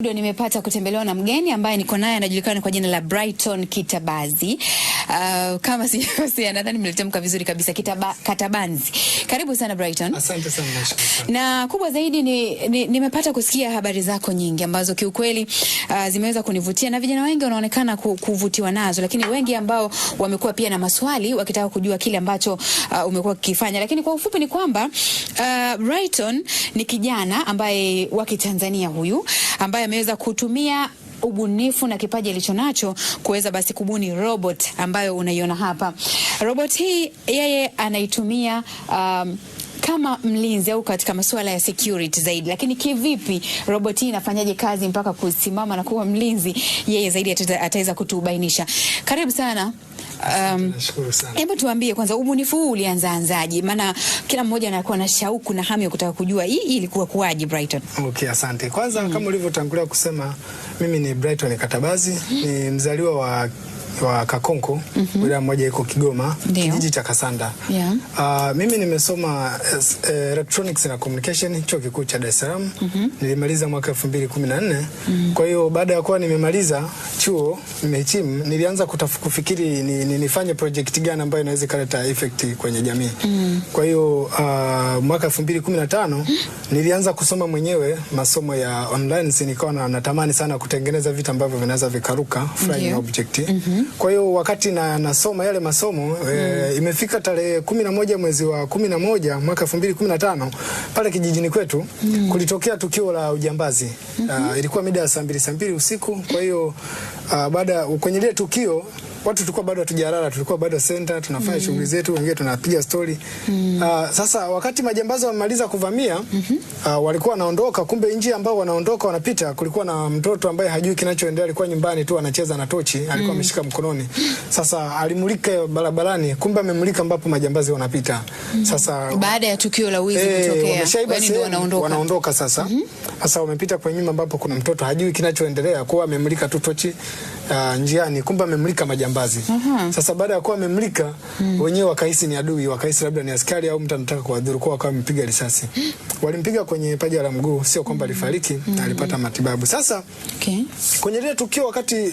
Studio nimepata kutembelewa na mgeni ambaye niko naye anajulikana kwa jina la Brighton Kitabazi. Uh, kama siyosea nadhani mlitamka vizuri kabisa Kitaba, Katabanzi. Karibu sana Brighton. Asante sana nashukuru. Na kubwa zaidi ni, ni, nimepata kusikia habari zako nyingi ambazo kiukweli uh, zimeweza kunivutia na vijana wengi wanaonekana kuvutiwa nazo, lakini wengi ambao wamekuwa pia na maswali wakitaka kujua kile ambacho uh, umekuwa ukifanya, lakini kwa ufupi ni kwamba uh, Brighton ni kijana ambaye wa Kitanzania huyu ambaye ameweza kutumia ubunifu na kipaji alichonacho kuweza basi kubuni robot ambayo unaiona hapa. Robot hii yeye anaitumia um, kama mlinzi au katika masuala ya security zaidi. Lakini kivipi robot hii inafanyaje kazi mpaka kusimama na kuwa mlinzi? Yeye zaidi ataweza kutubainisha. Karibu sana Um, hebu tuambie kwanza ubunifu huu ulianzaanzaje? Maana kila mmoja anakuwa na shauku na hamu ya kutaka kujua hii ilikuwa kuwaje Brighton. Okay, asante. Kwanza mm. kama ulivyotangulia kusema mimi ni Brighton Katabazi, mm. ni mzaliwa wa wa Kakonko, mhm. wilaya moja iko Kigoma, kijiji cha Kasanda. Yeah. Uh, mimi nimesoma uh, electronics na communication chuo kikuu cha Dar es Salaam. mm -hmm. Nilimaliza mwaka 2014. mm -hmm. Kwa hiyo baada ya kuwa nimemaliza chuo nimehitimu, nilianza kufikiri ni, ni, nifanye project gani ambayo inaweza kuleta effect kwenye jamii. mm -hmm. Kwa hiyo uh, mwaka 2015 mm-hmm. nilianza kusoma mwenyewe masomo ya online, nikawa natamani sana kutengeneza vitu ambavyo vinaweza vikaruka flying object. mm -hmm. Kwa hiyo wakati na nasoma yale masomo mm. E, imefika tarehe kumi na moja mwezi wa kumi na moja mwaka elfu mbili kumi na tano pale kijijini kwetu mm. kulitokea tukio la ujambazi mm -hmm. Uh, ilikuwa mida ya saa mbili saa mbili usiku. Kwa hiyo uh, baada kwenye lile tukio watu tulikuwa bado hatujalala, tulikuwa bado senta tunafanya mm. shughuli zetu, wengine tunapiga stori mm. uh, sasa wakati majambazi wamemaliza kuvamia mm -hmm. uh, walikuwa wanaondoka, kumbe njia ambao wanaondoka wanapita, kulikuwa na mtoto ambaye hajui kinachoendelea, alikuwa nyumbani tu anacheza na tochi, alikuwa mm. ameshika mkononi. Sasa alimulika barabarani, kumbe amemulika ambapo majambazi wanapita mm. Sasa baada ya tukio la wizi hey, eh, kutokea, wao ndio wanaondoka, wanaondoka sasa mm -hmm. Sasa wamepita kwenye nyumba ambapo kuna mtoto hajui kinachoendelea, kwa amemulika tu tochi uh, njiani, kumbe amemulika majambazi majambazi. mm -hmm. Sasa baada ya kuwa amemlika mm -hmm. wenyewe wakahisi ni adui, wakahisi labda ni askari au mtu anataka kuwadhuru, kwa wakawa wamepiga risasi mm -hmm. walimpiga kwenye paja la mguu, sio kwamba alifariki. mm -hmm. alipata matibabu. Sasa okay. kwenye ile tukio wakati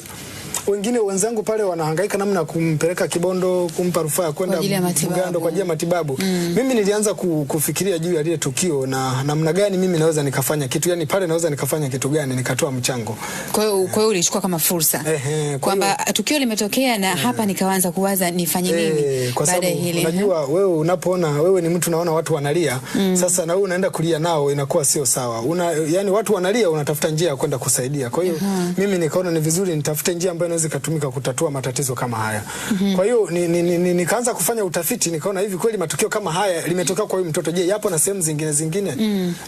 wengine wenzangu pale wanahangaika namna ya kumpeleka Kibondo, kumpa rufaa kwenda Bugando kwa ajili ya matibabu. Mm. Mimi nilianza kufikiria juu ya lile tukio na namna gani mimi naweza nikafanya kitu, yani pale naweza nikafanya kitu gani nikatoa mchango. Kwa hiyo eh. kwa hiyo ulichukua kama fursa Eh, eh, kwamba kwa tukio limetokea na eh, hapa nikaanza kuwaza nifanye nini eh, baada ya hili. Eh? Unajua wewe unapoona wewe ni mtu naona watu wanalia, mm. Sasa na wewe unaenda kulia nao inakuwa sio sawa. Una, yani watu wanalia unatafuta njia ya kwenda kusaidia. Kwa hiyo mimi nikaona ni vizuri nitafute njia ambayo ambayo inaweza ikatumika kutatua matatizo kama haya. Mm -hmm. Kwa hiyo nikaanza ni, ni, ni, kufanya utafiti nikaona hivi kweli matukio kama haya limetokea kwa huyu mtoto, je, yapo na sehemu zingine zingine? Mm.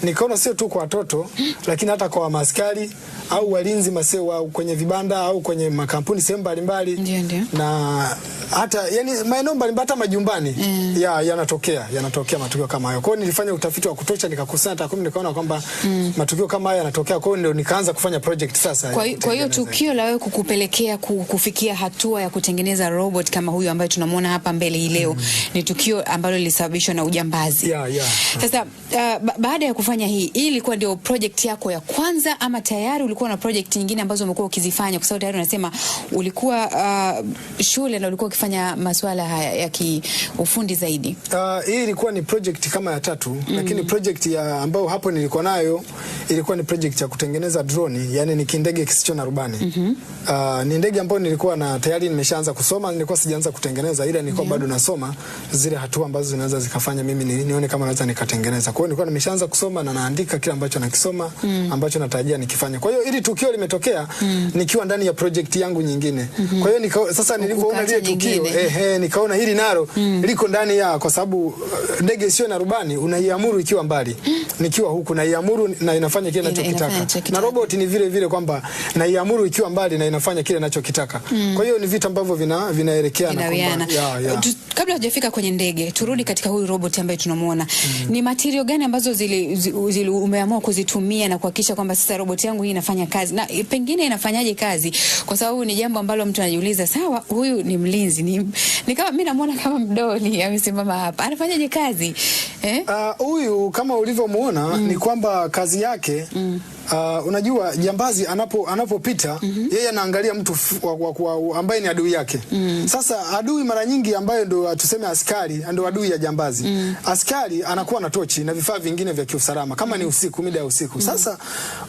-hmm. Nikaona sio tu kwa watoto lakini hata kwa maskari au walinzi maseo au kwenye vibanda au kwenye makampuni sehemu mbalimbali na hata yani maeneo mbalimbali hata majumbani mm. ya yanatokea yanatokea matukio kama hayo. Kwa hiyo nilifanya utafiti wa kutosha nikakusanya takwimu nikaona kwamba mm. matukio kama haya yanatokea. Kwa hiyo ndio nikaanza kufanya project sasa. Kwa hiyo tukio la wewe kukupelekea kuelekea kufikia hatua ya kutengeneza robot kama huyu ambaye tunamwona hapa mbele hii leo mm. ni tukio ambalo lilisababishwa na ujambazi. yeah, yeah. Sasa uh, baada ya kufanya hii, hii ilikuwa ndio project yako ya kwanza ama tayari ulikuwa na project nyingine ambazo umekuwa ukizifanya, kwa sababu tayari unasema ulikuwa uh, shule na ulikuwa ukifanya masuala haya ya kiufundi zaidi? Uh, hii ilikuwa ni project kama ya tatu mm. lakini project ya ambayo hapo nilikuwa nayo ilikuwa ni project ya kutengeneza drone, yani ni kindege kisicho na rubani mm -hmm. uh, ni ni ndege ambayo nilikuwa na tayari nimeshaanza kusoma, nilikuwa sijaanza kutengeneza, ila nilikuwa yeah, bado nasoma zile hatua ambazo zinaweza zikafanya mimi nione kama naweza nikatengeneza. Kwa hiyo nilikuwa nimeshaanza kusoma na naandika kile ambacho nakisoma mm, ambacho natarajia nikifanya. Kwa hiyo ili tukio limetokea mm, nikiwa ndani ya project yangu nyingine. Mm -hmm. Kwa hiyo nika, sasa nilipoona ile tukio eh, eh, nikaona hili nalo mm, liko ndani ya kwa sababu uh, ndege sio na rubani unaiamuru ikiwa mbali, mm. nikiwa huku naiamuru na inafanya kile ninachokitaka. Na robot ni vile vile kwamba naiamuru ikiwa mbali na inafanya kile anachokitaka. Mm. Kwa hiyo ni vitu ambavyo vina na kwamba yeah, yeah. Kabla hujafika kwenye ndege, turudi katika huyu robot ambaye tunamuona. Mm. Ni material gani ambazo zili, zili, zili umeamua kuzitumia na kuhakikisha kwamba sasa robot yangu hii inafanya kazi na eh, pengine inafanyaje kazi? Kwa sababu ni jambo ambalo mtu anajiuliza, sawa, huyu ni mlinzi ni, ni kama mimi namuona kama mdoli amesimama hapa, anafanyaje kazi eh? Uh, Huyu kama ulivyomuona mm. ni kwamba kazi yake mm. uh, unajua jambazi anapo anapopita mm -hmm. yeye anaangalia mtu mtu wa, wa, wa, ambaye ni adui yake mm. Sasa adui mara nyingi ambaye ndo uh, tuseme askari ndo adui ya jambazi mm. Askari anakuwa na tochi na vifaa vingine vya kiusalama kama mm. ni usiku, mida ya usiku mm. Sasa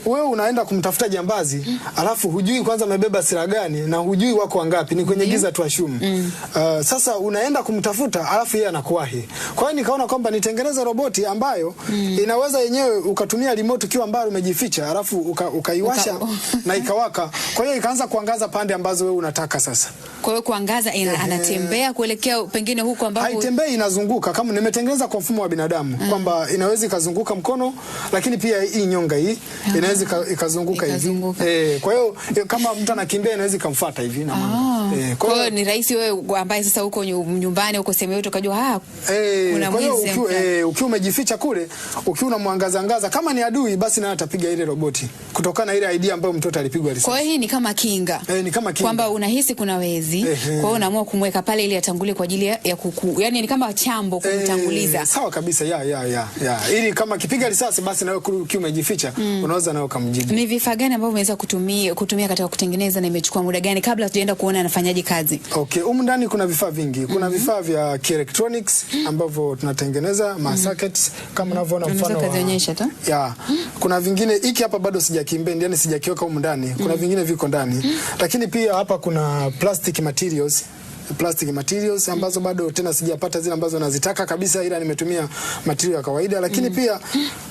wewe unaenda kumtafuta jambazi mm. alafu hujui kwanza amebeba silaha gani na hujui wako wangapi, ni kwenye mm. giza tu ashumu mm. Uh, sasa unaenda kumtafuta alafu yeye anakuwahi. Kwa hiyo nikaona kwamba nitengeneza roboti ambayo mm. inaweza yenyewe ukatumia remote ukiwa mbali umejificha, alafu ukaiwasha uka, uka na ikawaka, kwa hiyo ikaanza kuangaza kuangaza pande ambazo wewe unataka sasa. Kwa hiyo kuangaza ina, yeah. anatembea kuelekea pengine huko ambapo haitembei, inazunguka kama nimetengeneza kwa mfumo wa binadamu mm, kwamba inaweza ikazunguka mkono, lakini pia hii nyonga hii inaweza ikazunguka hivi eh. Kwa hiyo eh, kama mtu anakimbia inaweza ikamfuata hivi na oh. eh. Kwa hiyo ni rahisi wewe ambaye sasa uko nyumbani uko sehemu yote ukajua ah, eh, Kwa hiyo ukiwa umejificha kule, ukiwa unamwangaza angaza, kama ni adui basi naye atapiga ile roboti kutokana na ile idea ambayo mtoto alipigwa risasi. Kwa hiyo hii ni kama kinga eh eh, ni kama kinga kwamba unahisi kuna wezi eh, kwa hiyo unaamua kumweka pale ili atangulie kwa ajili ya kuku, yani ni kama chambo eh, kumtanguliza. Eh, sawa kabisa ya, ya, ya, ya. Ili kama kipiga risasi basi nawe ukiwa umejificha mm. unaweza nawe kumjibu. Ni vifaa gani ambavyo umeweza kutumia, kutumia katika kutengeneza na imechukua muda gani kabla hatujaenda kuona anafanyaje kazi? Okay, huko ndani kuna vifaa vingi, kuna mm -hmm. vifaa vya electronics ambavyo tunatengeneza ma mm-hmm. sockets kama unavyoona mm -hmm. mfano wa ya kuna vingine hiki hapa bado sijakimbendi yani sijakiweka huko ndani, kuna mm -hmm. vingine viko ndani mm -hmm. Lakini pia hapa kuna plastic materials plastic materials ambazo bado tena sijapata zile ambazo nazitaka kabisa, ila nimetumia material ya kawaida, lakini mm. pia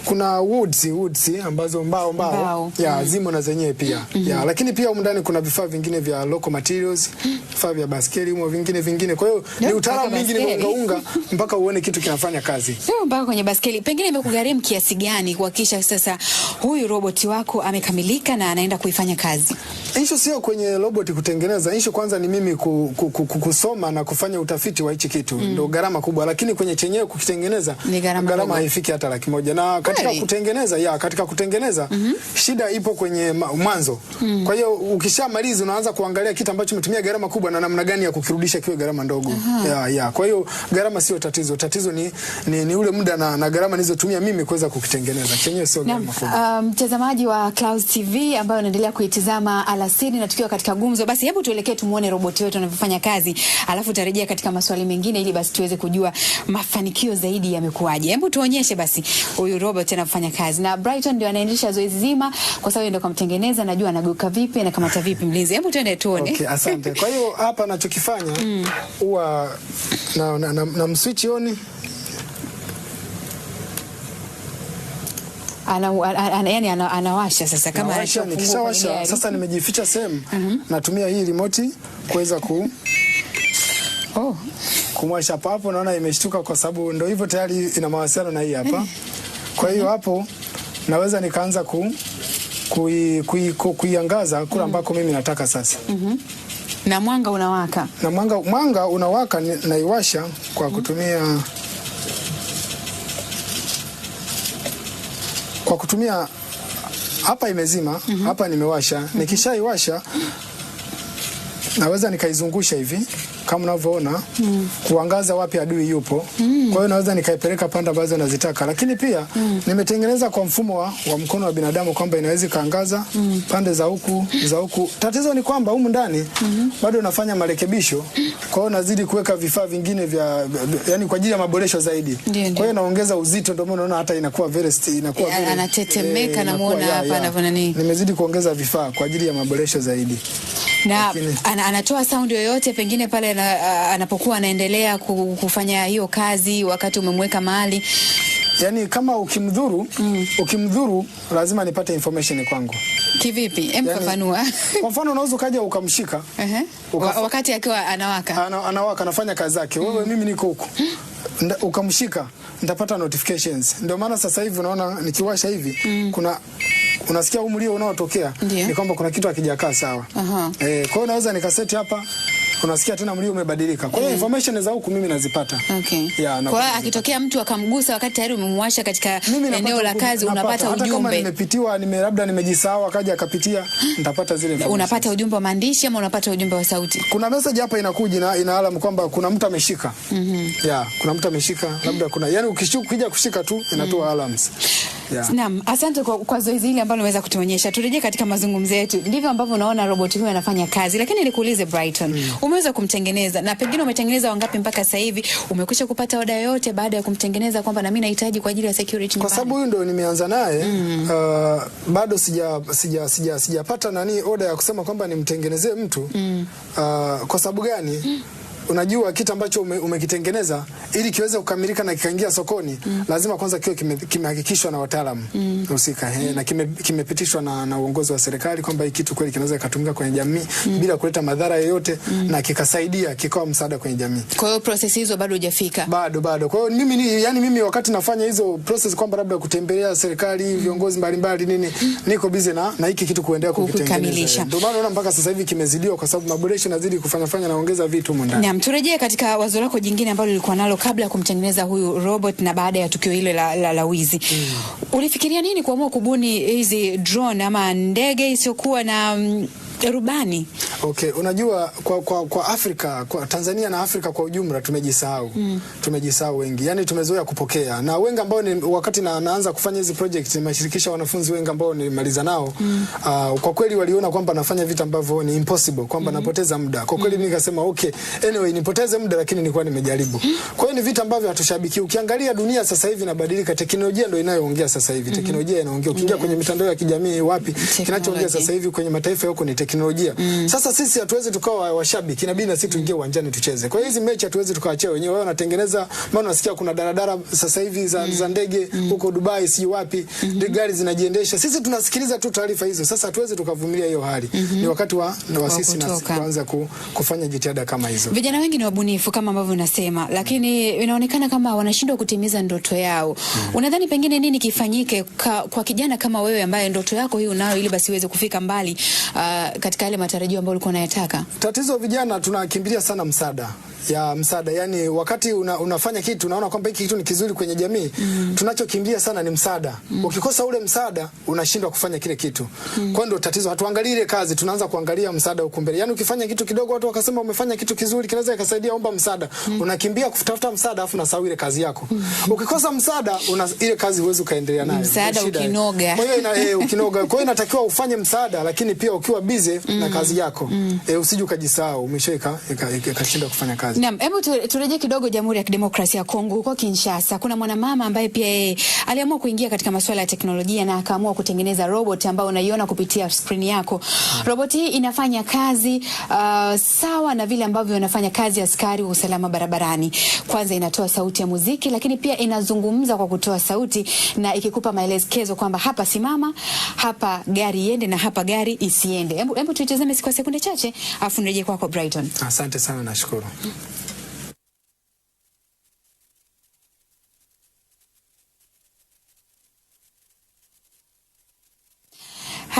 kuna woods, woods ambazo mbao mbao, mbao. ya mm. zimo na zenyewe pia mm -hmm. ya lakini pia huko ndani kuna vifaa vingine vya local materials, vifaa vya baskeli huko vingine vingine. Kwa hiyo ni utaalamu mwingi, ni unga mpaka uone kitu kinafanya kazi, sio mpaka kwenye baskeli. Pengine imekugharimu kiasi gani kuhakikisha sasa huyu roboti wako amekamilika na anaenda kuifanya kazi? Issue sio kwenye robot kutengeneza, issue kwanza ni mimi ku, ku, ku, ku, kusoma na kufanya utafiti wa hichi kitu mm. Ndio gharama kubwa, lakini kwenye chenyewe kukitengeneza gharama haifiki hata laki moja na katika Kweli. kutengeneza ya katika kutengeneza mm -hmm. shida ipo kwenye mwanzo mm. Kwa hiyo ukishamaliza unaanza kuangalia kitu ambacho umetumia gharama kubwa na namna gani ya kukirudisha kiwe gharama ndogo ya, ya. Kwa hiyo gharama sio tatizo, tatizo ni, ni, ni ule muda na, na gharama nilizotumia mimi kuweza kukitengeneza, chenyewe sio gharama kubwa. Um, mtazamaji um, wa Clouds TV ambayo unaendelea kuitizama ala kasini na tukiwa katika gumzo, basi hebu tuelekee tumuone roboti wetu anavyofanya kazi, alafu tarejea katika maswali mengine ili basi tuweze kujua mafanikio zaidi yamekuwaje. Hebu tuonyeshe basi huyu robot anafanya kazi, na Brighton ndio anaendesha zoezi zima, kwa sababu ndio kamtengeneza, najua anaguka vipi na kamata vipi mlinzi. Hebu tuende tuone. Okay, asante. Kwa hiyo hapa anachokifanya mm. huwa mm. na, na, na, na mswichi on ana, ana, yani ana, anawasha sasa kama anawasha, nikishawasha sasa nimejificha sehemu mm -hmm. Natumia hii remote kuweza ku oh, kumwasha hapo hapo. Naona imeshtuka kwa sababu ndio hivyo tayari ina mawasiliano na hii hapa. Kwa hiyo hapo naweza nikaanza ku kuiangaza kui, kui, kule mhm. ambako mimi nataka sasa mm -hmm na mwanga unawaka, na mwanga, mwanga unawaka naiwasha kwa kutumia kwa kutumia hapa imezima mm -hmm. Hapa nimewasha, nikishaiwasha mhm. naweza nikaizungusha hivi kama unavyoona mm. kuangaza wapi adui yupo mm. kwa hiyo naweza nikaipeleka pande ambazo nazitaka, lakini pia mm. nimetengeneza kwa mfumo wa, wa mkono wa binadamu kwamba inaweza ikaangaza mm. pande za huku za huku. Tatizo ni kwamba humu ndani mm bado nafanya marekebisho, kwa hiyo nazidi kuweka vifaa vingine vya yani kwa ajili ya maboresho zaidi, kwa hiyo naongeza uzito, ndio maana unaona hata inakuwa very inakuwa yeah, very anatetemeka, namuona eh, hapa anavyo nini, nimezidi kuongeza vifaa kwa ajili ya maboresho zaidi na an, anatoa sound yoyote pengine pale na, anapokuwa anaendelea kufanya hiyo kazi wakati umemweka mahali yani kama ukimdhuru mm. ukimdhuru lazima nipate information kwangu. Kivipi? Emfafanua. Yaani, yani, kwa mfano unaweza ukaja ukamshika uh -huh. wakati akiwa anawaka ana, anawaka anafanya kazi zake mm. mimi niko huko ukamshika, nitapata notifications. Ndio maana sasa hivi unaona nikiwasha hivi mm. kuna unasikia huu mlio unaotokea ni kwamba kuna kitu hakijakaa sawa. Eh, kwa hiyo naweza nikaseti hapa unasikia tena mlio umebadilika. Kwa hiyo mm. information za huku mimi nazipata. Okay. Ya, na kwa hiyo akitokea mtu akamgusa wakati tayari umemwasha katika eneo la kazi unapata ujumbe. Hata kama nimepitiwa, nime labda nimejisahau akaja akapitia, nitapata zile information. Unapata ujumbe wa maandishi ama unapata ujumbe wa sauti? Kuna message hapa inakuja na ina alam kwamba kuna mtu ameshika. Mhm. Mm yeah, kuna mtu ameshika, labda kuna yani ukija kushika tu inatoa mm -hmm. alarms. Yeah. Naam, asante kwa, kwa zoezi hili ambalo umeweza kutuonyesha. Turejee katika mazungumzo yetu. Ndivyo ambavyo unaona roboti huyu anafanya kazi. Lakini nikuulize Brighton. Mm umeweza kumtengeneza na pengine umetengeneza wangapi mpaka sasa hivi? Umekwisha kupata oda yoyote baada ya kumtengeneza kwamba na mimi nahitaji kwa ajili ya security? Kwa sababu huyu ndio nimeanza naye mm. Uh, bado sija sija sija sijapata nani oda ya kusema kwamba nimtengenezee mtu mm. Uh, kwa sababu gani mm unajua kitu ambacho ume, umekitengeneza ili kiweze kukamilika na kikaingia sokoni mm. lazima kwanza kiwe kimehakikishwa kime na wataalamu mm. husika mm. na kimepitishwa kime na, uongozi wa serikali kwamba hii kitu kweli kinaweza kutumika kwenye jamii mm. bila kuleta madhara yoyote mm. na kikasaidia kikawa msaada kwenye jamii. Kwa hiyo process hizo bado hujafika? Bado bado. Kwa hiyo mimi ni, yani, mimi wakati nafanya hizo process kwamba labda kutembelea serikali mm. viongozi mbalimbali nini mm. niko busy na na hiki kitu kuendelea kukitengeneza. Ndio maana unaona mpaka sasa hivi kimezidiwa kwa sababu maboresho nazidi kufanya fanya naongeza vitu huko Naam, turejee katika wazo lako jingine ambalo ulikuwa nalo kabla ya kumtengeneza huyu robot na baada ya tukio hilo la, la, la wizi mm. Ulifikiria nini kuamua kubuni hizi drone ama ndege isiyokuwa na mm, rubani. Okay, unajua kwa, kwa, kwa Afrika kwa Tanzania na Afrika kwa ujumla tumejisahau. Mm. Tumejisahau wengi. Yaani tumezoea kupokea. Na wengi ambao ni wakati na, naanza kufanya hizi project nimeshirikisha wanafunzi wengi ambao nilimaliza nao. Mm. Uh, kwa kweli waliona kwamba nafanya vitu ambavyo ni impossible, kwamba mm. napoteza muda. Kwa mm. kweli mm. nikasema okay, anyway nipoteze muda lakini nilikuwa nimejaribu. Mm. Kwa hiyo ni vitu ambavyo hatushabiki. Ukiangalia dunia sasa hivi inabadilika, teknolojia ndio inayoongea sasa hivi. Mm. Teknolojia inaongea. Ukiingia yeah. kwenye mitandao ya kijamii wapi? Kinachoongea sasa hivi kwenye mataifa yako ni teknolojia mm. Sasa sisi hatuwezi tukawa washabiki, inabidi na sisi tuingie uwanjani tucheze. Kwa hiyo hizi mechi hatuwezi tukawaachia wenyewe, wao wanatengeneza, maana unasikia kuna daradara sasa hivi za, mm. za ndege mm. huko mm. Dubai, si wapi mm -hmm. gari zinajiendesha, sisi tunasikiliza tu taarifa hizo. Sasa hatuwezi tukavumilia hiyo hali mm -hmm. ni wakati wa na wa sisi na kuanza ku, kufanya jitihada kama hizo. Vijana wengi ni wabunifu kama ambavyo unasema, lakini inaonekana kama wanashindwa kutimiza ndoto yao mm. -hmm. Unadhani pengine nini kifanyike ka, kwa kijana kama wewe ambaye ndoto yako hii unayo ili basi uweze kufika mbali uh, katika yale matarajio ambayo ulikuwa unayataka? Tatizo vijana tunakimbilia sana msaada ya msaada, yani wakati una, unafanya kitu unaona kwamba hiki kitu ni kizuri kwenye jamii mm. tunachokimbia sana ni msaada mm. ukikosa ule msaada unashindwa kufanya kile kitu mm. kwa ndio tatizo, hatuangalii ile kazi, tunaanza kuangalia msaada huko mbele. Yani ukifanya kitu kidogo, watu wakasema umefanya kitu kizuri, kinaweza ikasaidia, omba msaada mm. unakimbia kutafuta msaada, afu unasahau ile kazi yako mm. ukikosa msaada una, ile kazi huwezi kaendelea nayo msaada ukinoga, kwa hiyo eh, ukinoga, kwa hiyo inatakiwa ufanye msaada, lakini pia ukiwa busy jimalize mm. na kazi yako mm. E, usije ukajisahau umeshaika ikashinda kufanya kazi. Naam, hebu turejee kidogo Jamhuri ya Kidemokrasia ya Kongo, huko Kinshasa kuna mwanamama ambaye pia yeye aliamua kuingia katika masuala ya teknolojia na akaamua kutengeneza robot ambayo unaiona kupitia screen yako mm. Robot hii inafanya kazi uh, sawa na vile ambavyo wanafanya kazi askari wa usalama barabarani. Kwanza inatoa sauti ya muziki, lakini pia inazungumza kwa kutoa sauti na ikikupa maelekezo kwamba hapa simama, hapa gari iende na hapa gari isiende. Hebu hebu tuitazame kwa sekunde chache afu nirejee kwako Brighton. Asante sana nashukuru.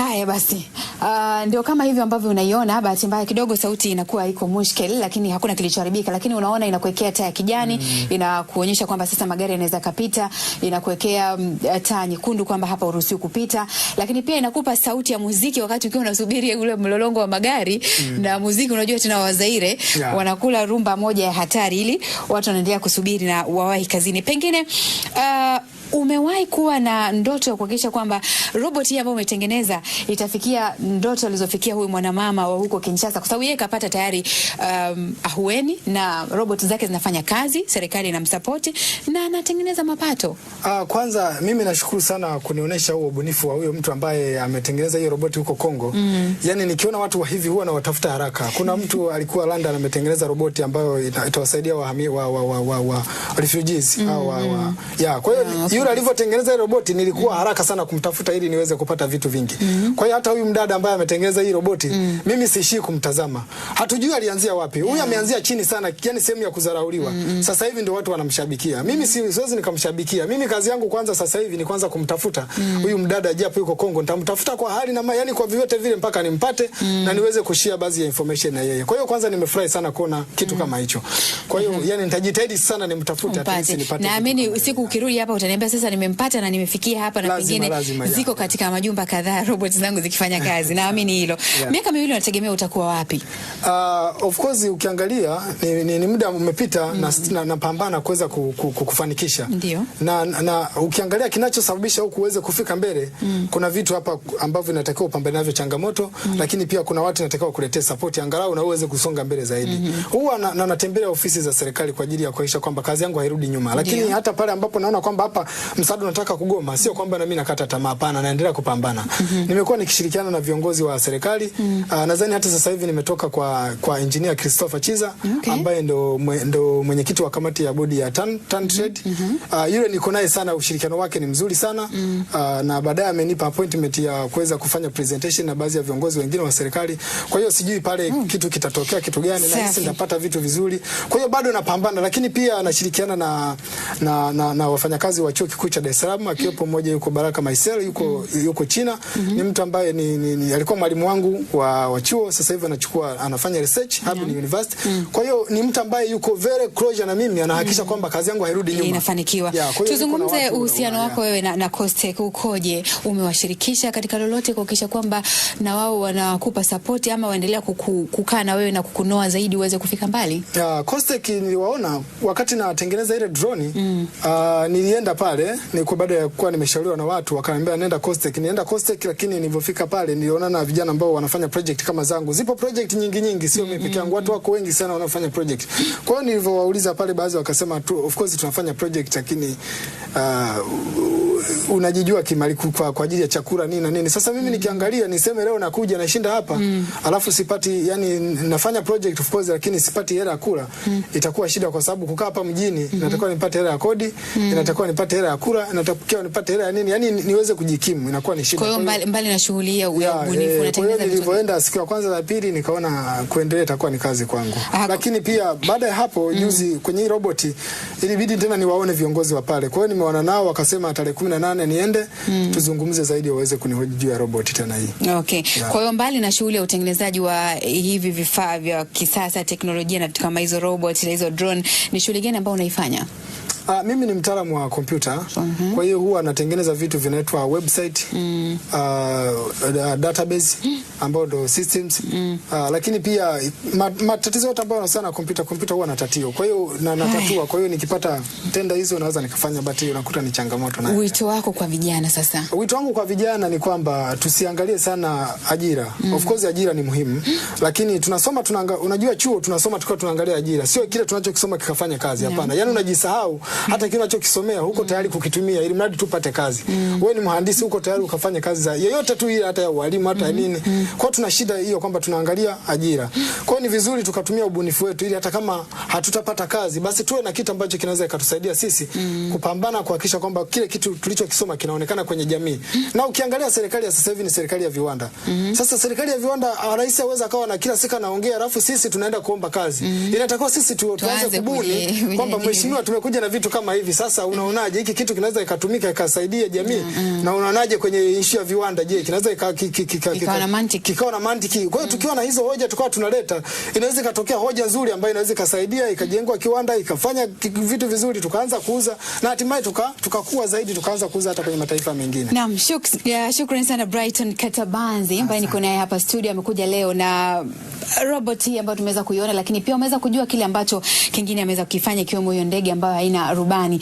Haya basi, uh, ndio kama hivyo ambavyo unaiona. Bahati mbaya kidogo sauti inakuwa iko mushkil, lakini hakuna kilichoharibika, lakini unaona inakuwekea taa ya kijani mm. inakuonyesha kwamba sasa magari yanaweza kapita, inakuwekea mm, taa nyekundu kwamba hapa uruhusiwi kupita, lakini pia inakupa sauti ya muziki wakati ukiwa unasubiri ule mlolongo wa magari mm. na muziki, unajua tena wazaire yeah. wanakula rumba moja ya hatari, ili watu wanaendelea kusubiri na wawahi kazini pengine uh, Umewahi kuwa na ndoto ya kuhakikisha kwamba robot hii ambayo umetengeneza itafikia ndoto alizofikia huyu mwanamama wa huko Kinshasa, kwa sababu yeye kapata tayari um, ahueni na robot zake zinafanya kazi, serikali inamsapoti na anatengeneza mapato? Uh, kwanza mimi nashukuru sana kunionyesha huo ubunifu wa huyo mtu ambaye ametengeneza hiyo roboti huko Kongo. Mm. -hmm. Yaani nikiona watu wa hivi huwa nawatafuta haraka. Kuna mtu alikuwa London ametengeneza roboti ambayo itawasaidia wahami wa, wa, wa, wa, wa refugees. Mm. -hmm. Ah, au Wa, wa, mm. ya, kwa hiyo yeah, yule alivyotengeneza ile roboti nilikuwa mm. haraka sana kumtafuta ili niweze kupata vitu vingi. Mm. Kwa hiyo hata huyu mdada ambaye ametengeneza hii roboti mm. mimi siishii kumtazama. Hatujui alianzia wapi. Huyu mm. ameanzia chini sana, yani sehemu ya kudharauliwa. Mm. mm. Sasa hivi ndio watu wanamshabikia. Mm. Mimi siwezi nikamshabikia. Mimi kazi yangu kwanza sasa hivi ni kwanza kumtafuta mm. huyu mm. mdada japo yuko Kongo, nitamtafuta kwa hali na yani kwa vyovyote vile mpaka nimpate mm. na niweze kushia baadhi ya information na yeye. Kwa hiyo kwanza nimefurahi sana kuona kitu mm. kama hicho. Kwa hiyo mm -hmm. yani nitajitahidi sana nimtafute atakisi nipate. Naamini siku ukirudi hapa utaniambia mpaka sasa nimempata na nimefikia hapa na pengine ziko ya, katika majumba kadhaa robot zangu zikifanya kazi naamini hilo yeah. Miaka miwili unategemea utakuwa wapi? Uh, of course ukiangalia ni, ni, ni muda umepita mm. na napambana na kuweza ku, ku, ku, kufanikisha Ndiyo. Na, na ukiangalia kinachosababisha huku uweze kufika mbele mm. kuna vitu hapa ambavyo inatakiwa upambane navyo changamoto mm. lakini pia kuna watu inatakiwa kuletea support angalau na uweze kusonga mbele zaidi mm-hmm. huwa mm -hmm. na, na natembelea ofisi za serikali kwa ajili ya kuhakikisha kwamba kazi yangu hairudi nyuma, lakini Ndiyo. hata pale ambapo naona kwamba hapa msaada unataka kugoma, sio kwamba na mimi nakata tamaa, hapana, naendelea kupambana. mm -hmm. Nimekuwa nikishirikiana na viongozi wa serikali mm -hmm. Nadhani hata sasa hivi nimetoka kwa kwa engineer Christopher Chiza okay. ambaye ndo mwe, ndo mwenyekiti wa kamati ya bodi ya TAN TAN mhm. Trade mm -hmm. uh, yule niko naye sana, ushirikiano wake ni mzuri sana mm -hmm. uh, na baadaye amenipa appointment ya kuweza kufanya presentation na baadhi ya viongozi wengine wa serikali. Kwa hiyo sijui pale mm -hmm. kitu kitatokea kitu gani, na hisi ndapata vitu vizuri. Kwa hiyo bado napambana, lakini pia anashirikiana na na, na, na wafanyakazi wa chuo Kikuu cha Dar es Salaam, akiwa pamoja yuko Baraka Maisel yuko, yuko China mm -hmm. ni mtu ambaye ni, ni, ni, alikuwa mwalimu wangu wa, wa chuo, sasa hivi anachukua anafanya research hapo yeah. university mm -hmm. kwa hiyo ni mtu ambaye yuko very close na mimi, anahakikisha mm -hmm. kwamba kazi yangu hairudi nyuma, inafanikiwa. Tuzungumze uhusiano wako wewe na, na Costech ukoje? Umewashirikisha katika lolote kuhakikisha kwamba na wao wanakupa support ama waendelea kukaa na wewe na kukunoa zaidi uweze kufika mbali? Yeah, Costech niliwaona wakati natengeneza ile drone mm. uh, nilienda pale pale nilikuwa baada ya kuwa nimeshauriwa na watu wakaniambia nenda Costec. Nienda Costec, lakini nilivyofika pale niliona na vijana ambao wanafanya project kama zangu. Zipo project nyingi nyingi, sio mm-hmm. mimi peke yangu, watu wako wengi sana wanaofanya project. Kwa hiyo nilivyowauliza pale, baadhi wakasema tu, of course tunafanya project lakini uh, unajijua kimali kwa, kwa ajili ya chakula nini na nini. Sasa mimi mm. nikiangalia niseme leo nakuja nashinda hapa mm. alafu sipati yani nafanya project of course lakini sipati hela ya kula mm. itakuwa shida kwa sababu kukaa hapa mjini mm -hmm. natakuwa nipate hela ya kodi mm. natakuwa nipate hela ya kula natakuwa nipate hela ya nini yani niweze kujikimu inakuwa ni shida. Kwa hiyo mbali, mbali na shughuli ya ubunifu eh, unatengeneza vitu. Nilipoenda siku ya kwanza na pili nikaona kuendelea itakuwa ni kazi kwangu. Aha, lakini pia baada ya hapo mm. juzi mm. kwenye hii roboti ilibidi tena niwaone viongozi wa pale. Kwa hiyo nimeona nao wakasema tarehe kumi na nane niende mm. tuzungumze zaidi waweze kunihoji juu ya roboti tena hii. Okay. Yeah. Kwa hiyo mbali na shughuli ya utengenezaji wa hivi vifaa vya kisasa teknolojia na vitu kama hizo robot na hizo drone, ni shughuli gani ambayo unaifanya? Mm. Uh, mimi ni mtaalamu wa kompyuta mm -hmm. Kwa hiyo huwa natengeneza vitu vinaitwa website mm. uh, uh, database mm. ambayo ndo systems mm. uh, lakini pia matatizo ma yote ambayo sana kompyuta kompyuta huwa natatio, kwa hiyo na natatua. Kwa hiyo nikipata tenda hizo naweza nikafanya, but hiyo nakuta ni changamoto. Na wito wako kwa vijana sasa? Wito wangu kwa vijana ni kwamba tusiangalie sana ajira mm. Of course ajira ni muhimu mm. lakini tunasoma tunanga, unajua chuo tunasoma tukiwa tunaangalia ajira, sio kile tunachokisoma kikafanya kazi, hapana yeah. Yani unajisahau mm hata kile unachokisomea huko tayari kukitumia ili mradi tupate kazi. Mm. Wewe ni mhandisi huko tayari ukafanya kazi za yoyote tu ile hata ya walimu hata mm, nini. Mm. Kwa tuna shida hiyo kwamba tunaangalia ajira. Kwa ni vizuri tukatumia ubunifu wetu ili hata kama hatutapata kazi basi tuwe na kitu ambacho kinaweza ikatusaidia sisi mm. kupambana kuhakikisha kwamba kile kitu tulichokisoma kinaonekana kwenye jamii. Mm. Na ukiangalia serikali ya sasa hivi ni serikali ya viwanda. Mm. Sasa serikali ya viwanda ah, rais aweza akawa na kila siku anaongea alafu sisi tunaenda kuomba kazi. Mm. Inatakiwa sisi tuanze kubuni kwamba mheshimiwa, tumekuja na vitu vitu kama hivi. Sasa unaonaje hiki kitu kinaweza ikatumika ikasaidia jamii mm, mm. na unaonaje kwenye ishu ya viwanda? Je, kinaweza ki, ki, ki, ki, ki, ki, na mantiki? Kwa hiyo mm. tukiwa na hizo hoja tukawa tunaleta, inaweza ikatokea hoja nzuri ambayo inaweza ikasaidia ikajengwa kiwanda ikafanya vitu vizuri, tukaanza kuuza na hatimaye tuka tukakuwa zaidi, tukaanza kuuza hata kwenye mataifa mengine. Naam, shuk, shukrani sana Brighton Katabanzi ambaye niko naye hapa studio, amekuja leo na robot hii ambayo tumeweza kuiona, lakini pia umeweza kujua kile ambacho kingine ameweza kukifanya ikiwemo hiyo ndege ambayo haina rubani.